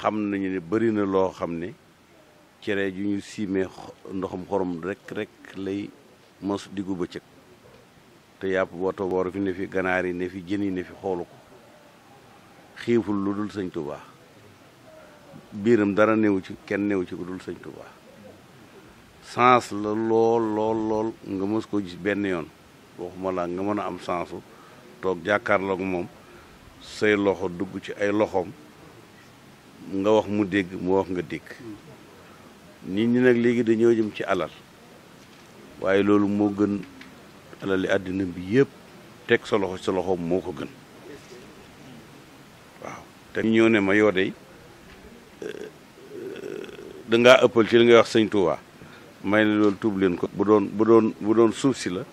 xam nañu ne bëri na loo xam ne cere ju ñu siimee ndoxum xorom rek rek lay mos diggu bëccëg te yàpp booto boor fi ne fi ganaar yi ne fi jën yi ne fi xoolu ko xiiful lu dul sëñ Tuubaa biiram dara newu ci kenn newu ci ku dul sëñ Tuubaa sens la lool lool lool nga mës koo ji benn yoon waxuma laa nga mën a am sensu toog jàkkaarloog moom say loxo dugg ci ay loxoom nga wax mu dégg mu wax nga dégg nit ñi nag léegi dañoo jëm ci alal waaye loolu moo gën alali àddina bi yëpp teg sa loxo sa loxoom moo ko gën waaw te ñoo ne ma yoo dey euh, dangaa ëppal ci li ngay wax sëñ Touba may ne loolu tuub leen ko bu doon bu doon bu doon suuf si la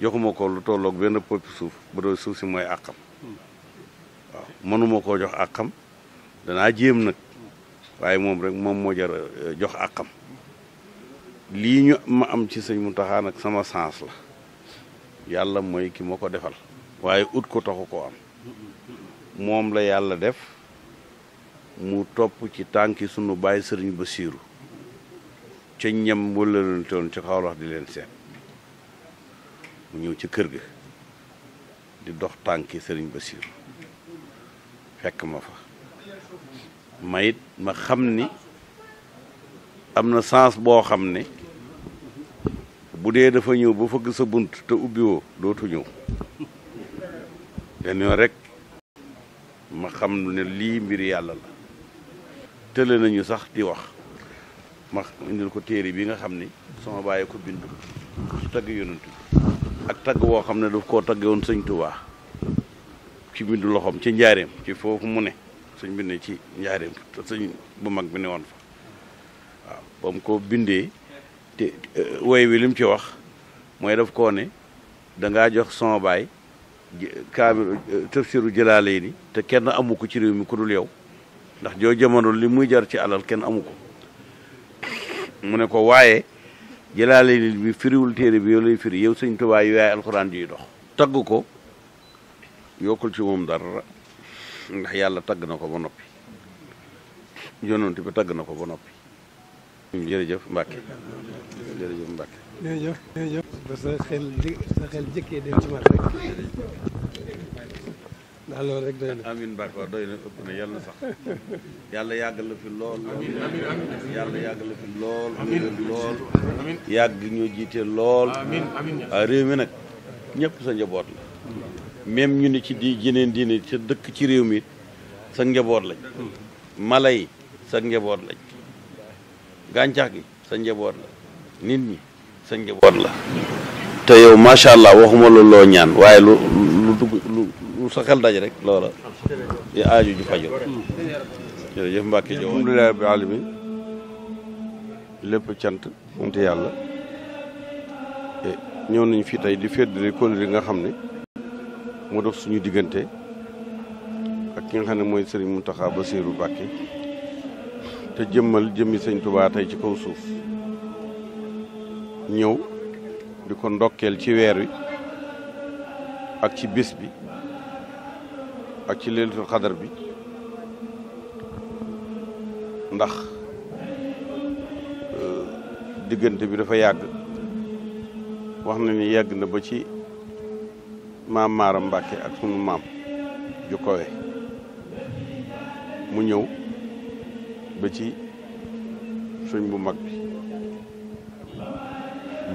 joxuma ko lu tolloog benn poppi suuf bu doon suuf si mooy àqam waaw mënuma koo jox àqam danaa jéem nag waaye moom rek moom moo jar euh, jox àqam lii ñu ma am ci sëñ Muntaxa ak sama sens la yàlla mooy ki ma ko defal waaye ut ko taxu koo am moom la yàlla def mu topp ci tànki sunu bàyyi sëriñ Basiiru ca ñam wëllalante ci ca Kawlax di leen seen mu ñëw ci kër gi di dox tànki sëriñ Basiiru fekk ma fa mayit ma xam ni am na sens boo xam ne bu dee dafa ñëw ba fëgg sa bunt te ubbiwoo dootu ñëw len rek ma xam ne lii mbir yàlla la tële nañu sax di wax ma indil ko téere bi nga xam ni sama bàyyi ko bindu tagg yonent bi ak tagg woo xam ne daf koo tagg woon sëñ Tuubaa ci bindu loxoom ci njaareem ci foofu mu ne sëñ bi ci njaareem sëñ bu mag bi ne fa waaw ba mu ko bindee te eh, woy ci wax mooy def koo ne jox son baay kaamil eh, tafsiru jëlaale ni te kenn amu ko ci réew mi ku dul yow ndax joo jamono li muy jar ci alal kenn amu ko mu ne ko waaye jëlaale ni bi firiwul téere bi yow lay firi yow sëñ Tuubaa yow yaay alxuraan jiy dox tagg ko yokkul ci moom dara ndax yàlla tagg na ko ba noppi yonent bi tagg na ko ba noppi jërëjëf Mbacke jërëjëf Mbacke jërëjëf jërëjëf ba sa xel sa xel jëkkee dem ci rek ndax loolu rek na amiin Mbacke yàlla na la fi lool yàlla yàggal la lool yàgg ñoo jiite lool réew mi nag ñëpp sa njaboot la même ñu ni ci di jeneen diine ca dëkk ci réew mi sa njaboot lañ mala yi sa njaboot lañ gàncax gi sa njaboot la nit ñi sa ngeboot la te yow macha allah waxuma la loo ñaan waaye lu lu dugg lu sa xel daj rek loola ya aaju ju fajul jërëjëf Mbacke Diop lépp cant sant yàlla eh, ñëw nañ fii tey di féddali kóllëre yi nga xam ni moo dox suñu diggante ak ki nga xam ne mooy sëriñ Mountakha Bassirou Mbacké te jëmmal jëmmi sëñ Touba ci kaw suuf ñëw di ko ndokkeel ci weer wi ak ci bis bi ak ci leelatul xadar bi ndax euh, diggante bi dafa yàgg wax na ni yàgg na ba ci maam maaram Mbàkke ak sunu maam ju kowe mu ñëw ba ci sëñ bu mag bi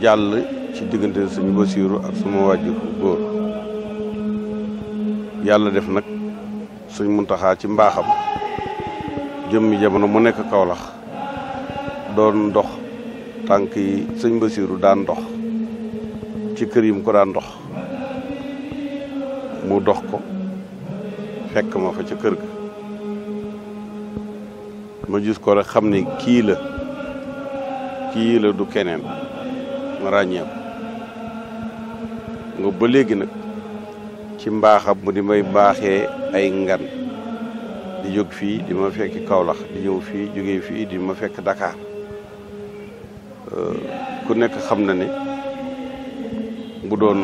jàll ci diggante sëñ Basiiru ak suma wàjjur góor yàlla def nag sëñ Muntaxaa ci mbaaxam jëmmi jamono mu nekk Kawlax doon dox tànk yi sëñ Basiiru daan ci kër yi mu ko daan mu dox ko fekk ma fa ca kër ga ma gis ko rek xam ne kii la kii la du keneen ma ràññeeku nga ba léegi nag ci mbaaxam mu di may baaxee ay ngan di jóg fii di ma fekk Kaolack di ñëw fii jógee fii di ma fekk Dakar ku nekk xam na ne bu doon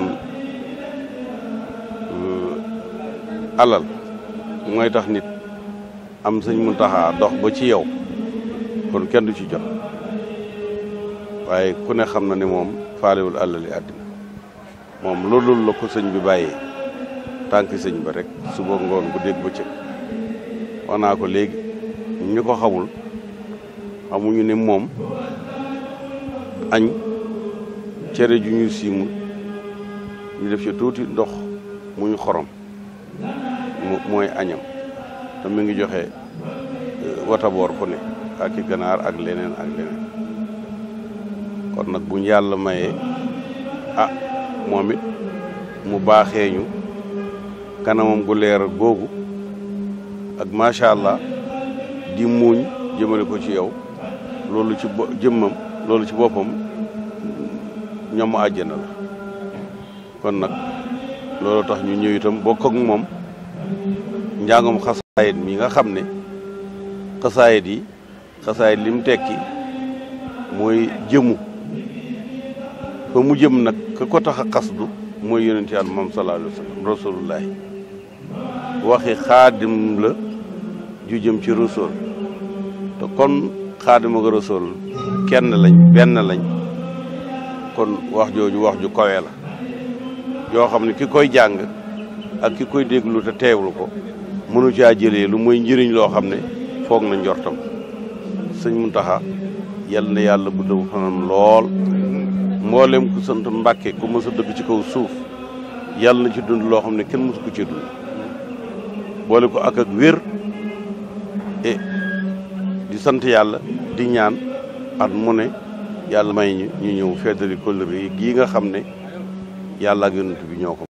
alal mooy tax nit am sëñ Muntaxa dox ba ci yow kon kenn du ci jot waaye ku ne xam na ni moom faalewul alali àddina moom loolu la ko sëñ bi bàyyee tànk sëñ ba rek suba ngoon bu dégg ba cëg wax ko léegi ñu ko xamul xamuñu ne moom añ cere ju ñu siimul ñu def ci tuuti ndox mu ñu xorom mooy añam te mi ngi joxe euh, wataboor ku ne ak i ganaar ak leneen ak leneen kon nag buñ yàlla mayee ah moom it mu baaxee ñu kanamam gu leer googu ak macha allah di muuñ jëmale ko ci yow loolu ci bo loolu ci boppam ñoom àjjana kon nag. loolu tax ñu ñëwitam itam bokk moom njàngum xasaayit mi nga xam ne xasaayit yi xasaayit li tekki mooy jëmu fa mu jëm nag ka ko tax a xasdu mooy yonent yàlla moom sallallahu alayhi wa rasulullahi waxi xaadim la ju jëm ci rasul te kon xaadim ak rasul kenn lañ benn lañ kon wax jooju wax ju kawe la yoo xam ne ki koy jàng ak ki koy déglu te teewlu ko mënu caa jëlee lu mooy njëriñ loo xam ne foog na njortam sëñ Muntaxa yal na yàlla bu dëw fanam lool mboolem ku sant mbakke ku mës a ci kaw suuf yàlla na ci dund loo xam ne kenn mësu ko ci dund boole ko ak ak wér e di sant yàlla di ñaan at mu ne yàlla may ñu ñu ñëw feddali kóllëre yi gii nga xam ne yàlla ak yonent bi ñoo